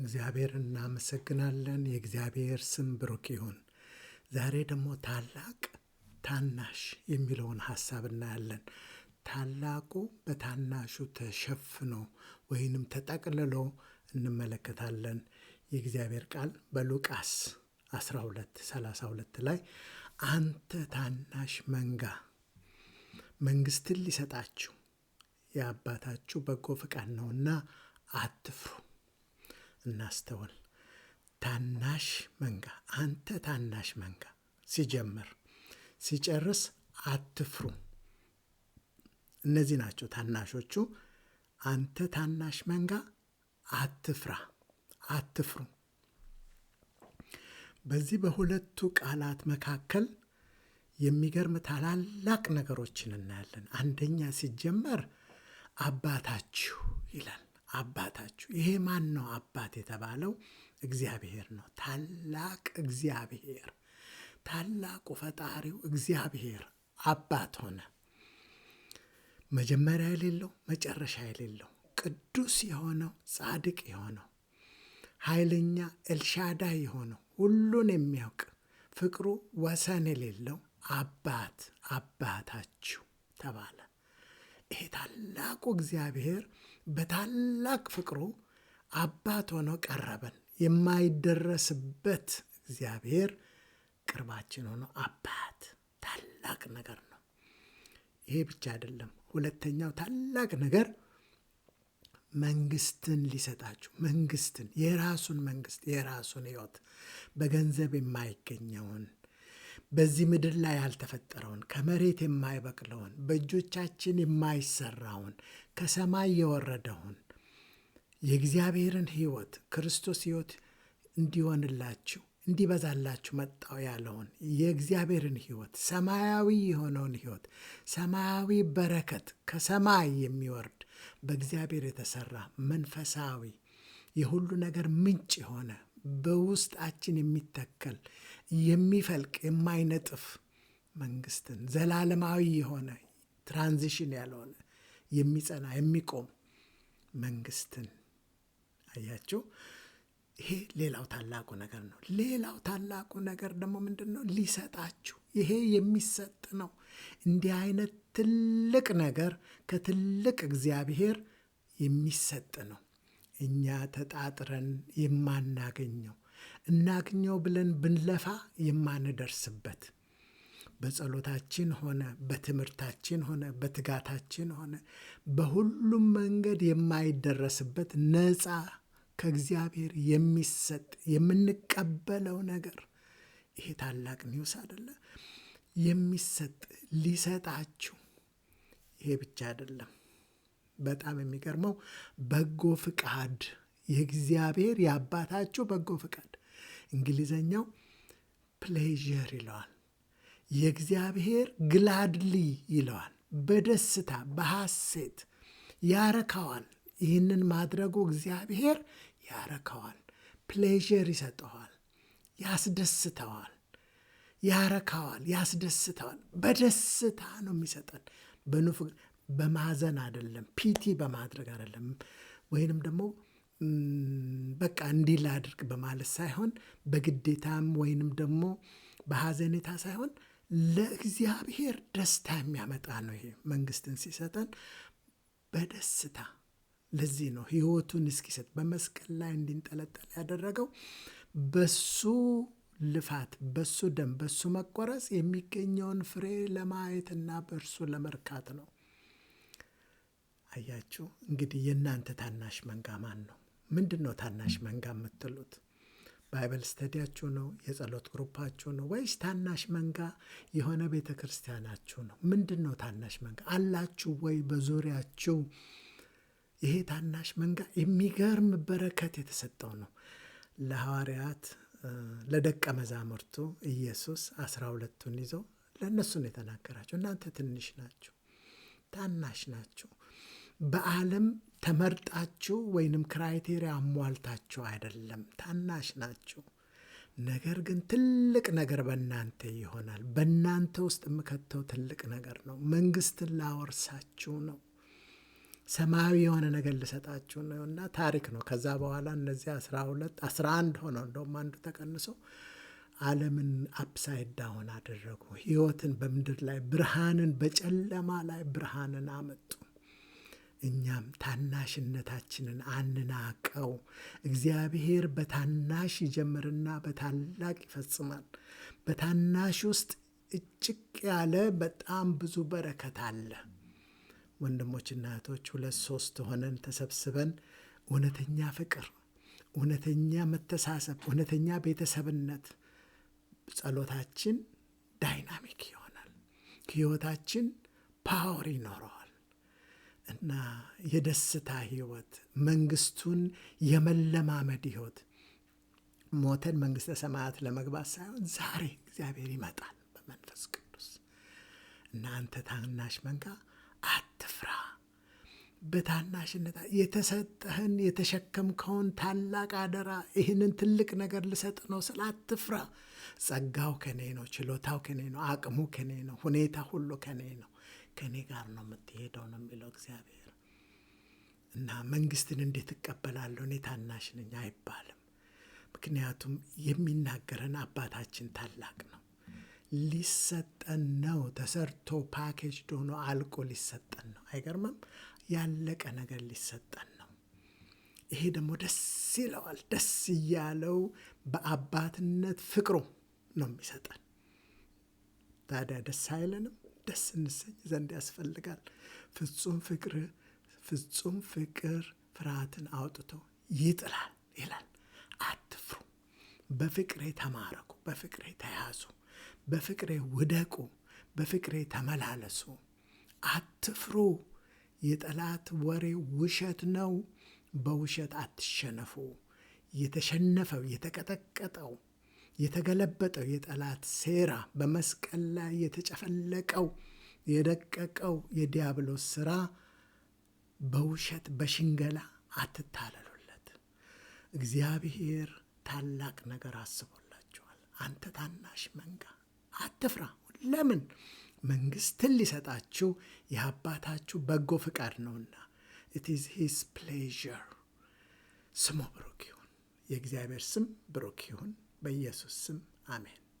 እግዚአብሔር እናመሰግናለን። የእግዚአብሔር ስም ብሩክ ይሁን። ዛሬ ደግሞ ታላቅ ታናሽ የሚለውን ሀሳብ እናያለን። ታላቁ በታናሹ ተሸፍኖ ወይንም ተጠቅልሎ እንመለከታለን። የእግዚአብሔር ቃል በሉቃስ 1232 ላይ አንተ ታናሽ መንጋ መንግስትን ሊሰጣችሁ የአባታችሁ በጎ ፈቃድ ነውና አትፍሩ እናስተውል። ታናሽ መንጋ፣ አንተ ታናሽ መንጋ። ሲጀምር ሲጨርስ አትፍሩ። እነዚህ ናቸው ታናሾቹ። አንተ ታናሽ መንጋ አትፍራ፣ አትፍሩ። በዚህ በሁለቱ ቃላት መካከል የሚገርም ታላላቅ ነገሮችን እናያለን። አንደኛ ሲጀመር አባታችሁ ይላል። አባታችሁ። ይሄ ማን ነው አባት የተባለው? እግዚአብሔር ነው። ታላቅ እግዚአብሔር፣ ታላቁ ፈጣሪው እግዚአብሔር አባት ሆነ። መጀመሪያ የሌለው መጨረሻ የሌለው ቅዱስ የሆነው ጻድቅ የሆነው ኃይለኛ ኤልሻዳ የሆነው ሁሉን የሚያውቅ ፍቅሩ ወሰን የሌለው አባት አባታችሁ ተባለ። ይሄ ታላቁ እግዚአብሔር በታላቅ ፍቅሩ አባት ሆኖ ቀረበን። የማይደረስበት እግዚአብሔር ቅርባችን ሆኖ አባት ታላቅ ነገር ነው። ይሄ ብቻ አይደለም። ሁለተኛው ታላቅ ነገር መንግስትን ሊሰጣችሁ መንግስትን የራሱን መንግስት የራሱን ህይወት በገንዘብ የማይገኘውን በዚህ ምድር ላይ ያልተፈጠረውን ከመሬት የማይበቅለውን በእጆቻችን የማይሰራውን ከሰማይ የወረደውን የእግዚአብሔርን ሕይወት ክርስቶስ ሕይወት እንዲሆንላችሁ እንዲበዛላችሁ መጣው ያለውን የእግዚአብሔርን ሕይወት ሰማያዊ የሆነውን ሕይወት ሰማያዊ በረከት ከሰማይ የሚወርድ በእግዚአብሔር የተሰራ መንፈሳዊ የሁሉ ነገር ምንጭ የሆነ በውስጣችን የሚተከል የሚፈልቅ የማይነጥፍ መንግስትን ዘላለማዊ የሆነ ትራንዚሽን ያልሆነ የሚጸና የሚቆም መንግስትን አያችሁ። ይሄ ሌላው ታላቁ ነገር ነው። ሌላው ታላቁ ነገር ደግሞ ምንድን ነው? ሊሰጣችሁ። ይሄ የሚሰጥ ነው። እንዲህ አይነት ትልቅ ነገር ከትልቅ እግዚአብሔር የሚሰጥ ነው። እኛ ተጣጥረን የማናገኘው እናግኘው ብለን ብንለፋ የማንደርስበት በጸሎታችን ሆነ በትምህርታችን ሆነ በትጋታችን ሆነ በሁሉም መንገድ የማይደረስበት ነፃ ከእግዚአብሔር የሚሰጥ የምንቀበለው ነገር ይሄ ታላቅ ኒውስ አይደለም የሚሰጥ ሊሰጣችሁ። ይሄ ብቻ አይደለም። በጣም የሚገርመው በጎ ፍቃድ የእግዚአብሔር የአባታችሁ በጎ ፍቃድ እንግሊዘኛው ፕሌዥር ይለዋል። የእግዚአብሔር ግላድሊ ይለዋል። በደስታ በሐሴት ያረካዋል። ይህንን ማድረጉ እግዚአብሔር ያረካዋል፣ ፕሌዥር ይሰጠዋል፣ ያስደስተዋል፣ ያረካዋል፣ ያስደስተዋል። በደስታ ነው የሚሰጠን በማዘን አይደለም፣ ፒቲ በማድረግ አይደለም፣ ወይንም ደግሞ በቃ እንዲህ ላድርግ በማለት ሳይሆን በግዴታም ወይንም ደግሞ በሐዘኔታ ሳይሆን ለእግዚአብሔር ደስታ የሚያመጣ ነው። ይሄ መንግስትን ሲሰጠን በደስታ ለዚህ ነው ህይወቱን እስኪሰጥ በመስቀል ላይ እንዲንጠለጠል ያደረገው። በሱ ልፋት፣ በሱ ደም፣ በሱ መቆረጽ የሚገኘውን ፍሬ ለማየትና በእርሱ ለመርካት ነው። አያችሁ እንግዲህ የእናንተ ታናሽ መንጋ ማን ነው? ምንድን ነው ታናሽ መንጋ የምትሉት? ባይብል ስተዲያችሁ ነው? የጸሎት ግሩፓችሁ ነው? ወይስ ታናሽ መንጋ የሆነ ቤተ ክርስቲያናችሁ ነው? ምንድን ነው ታናሽ መንጋ አላችሁ ወይ በዙሪያችሁ? ይሄ ታናሽ መንጋ የሚገርም በረከት የተሰጠው ነው። ለሐዋርያት ለደቀ መዛሙርቱ ኢየሱስ አስራ ሁለቱን ይዘው ነው የተናገራቸው እናንተ ትንሽ ናችሁ፣ ታናሽ ናችሁ በዓለም ተመርጣችሁ ወይንም ክራይቴሪያ አሟልታችሁ አይደለም። ታናሽ ናችሁ። ነገር ግን ትልቅ ነገር በእናንተ ይሆናል። በእናንተ ውስጥ የምከተው ትልቅ ነገር ነው። መንግስትን ላወርሳችሁ ነው። ሰማያዊ የሆነ ነገር ልሰጣችሁ ነው እና ታሪክ ነው። ከዛ በኋላ እነዚህ አስራ ሁለት አስራ አንድ ሆነው እንደውም አንዱ ተቀንሶ ዓለምን አፕሳይድ ዳውን አደረጉ። ህይወትን በምድር ላይ ብርሃንን በጨለማ ላይ ብርሃንን አመጡ። እኛም ታናሽነታችንን አንናቀው። እግዚአብሔር በታናሽ ይጀምርና በታላቅ ይፈጽማል። በታናሽ ውስጥ እጭቅ ያለ በጣም ብዙ በረከት አለ። ወንድሞችና እህቶች ሁለት ሶስት ሆነን ተሰብስበን እውነተኛ ፍቅር፣ እውነተኛ መተሳሰብ፣ እውነተኛ ቤተሰብነት ጸሎታችን ዳይናሚክ ይሆናል። ህይወታችን ፓወር ይኖረዋል። እና የደስታ ህይወት መንግስቱን የመለማመድ ህይወት ሞተን መንግስተ ሰማያት ለመግባት ሳይሆን ዛሬ እግዚአብሔር ይመጣል በመንፈስ ቅዱስ እናንተ ታናሽ መንጋ አትፍራ። በታናሽነት የተሰጠህን የተሸከምከውን ታላቅ አደራ ይህንን ትልቅ ነገር ልሰጥ ነው ስለ አትፍራ። ጸጋው ከኔ ነው፣ ችሎታው ከኔ ነው፣ አቅሙ ከኔ ነው፣ ሁኔታ ሁሉ ከኔ ነው። ከእኔ ጋር ነው የምትሄደው ነው የሚለው እግዚአብሔር። እና መንግስትን እንዴት እቀበላለሁ እኔ ታናሽ ነኝ አይባልም። ምክንያቱም የሚናገረን አባታችን ታላቅ ነው። ሊሰጠን ነው ተሰርቶ ፓኬጅ ሆኖ አልቆ ሊሰጠን ነው። አይገርምም? ያለቀ ነገር ሊሰጠን ነው። ይሄ ደግሞ ደስ ይለዋል። ደስ እያለው በአባትነት ፍቅሩ ነው የሚሰጠን። ታዲያ ደስ አይለንም? ደስ እንሰኝ ዘንድ ያስፈልጋል። ፍጹም ፍቅር ፍጹም ፍቅር ፍርሃትን አውጥቶ ይጥላል ይላል። አትፍሩ፣ በፍቅሬ ተማረኩ፣ በፍቅሬ ተያዙ፣ በፍቅሬ ውደቁ፣ በፍቅሬ ተመላለሱ። አትፍሩ፣ የጠላት ወሬ ውሸት ነው። በውሸት አትሸነፉ። የተሸነፈው የተቀጠቀጠው የተገለበጠው የጠላት ሴራ በመስቀል ላይ የተጨፈለቀው የደቀቀው የዲያብሎስ ስራ በውሸት በሽንገላ አትታለሉለት። እግዚአብሔር ታላቅ ነገር አስቦላችኋል። አንተ ታናሽ መንጋ አትፍራ። ለምን? መንግስትን ሊሰጣችሁ የአባታችሁ በጎ ፍቃድ ነውና። ኢት ኢዝ ሂዝ ፕሌዥር። ስሙ ብሩክ ይሁን። የእግዚአብሔር ስም ብሩክ ይሁን። በኢየሱስ ስም አሜን።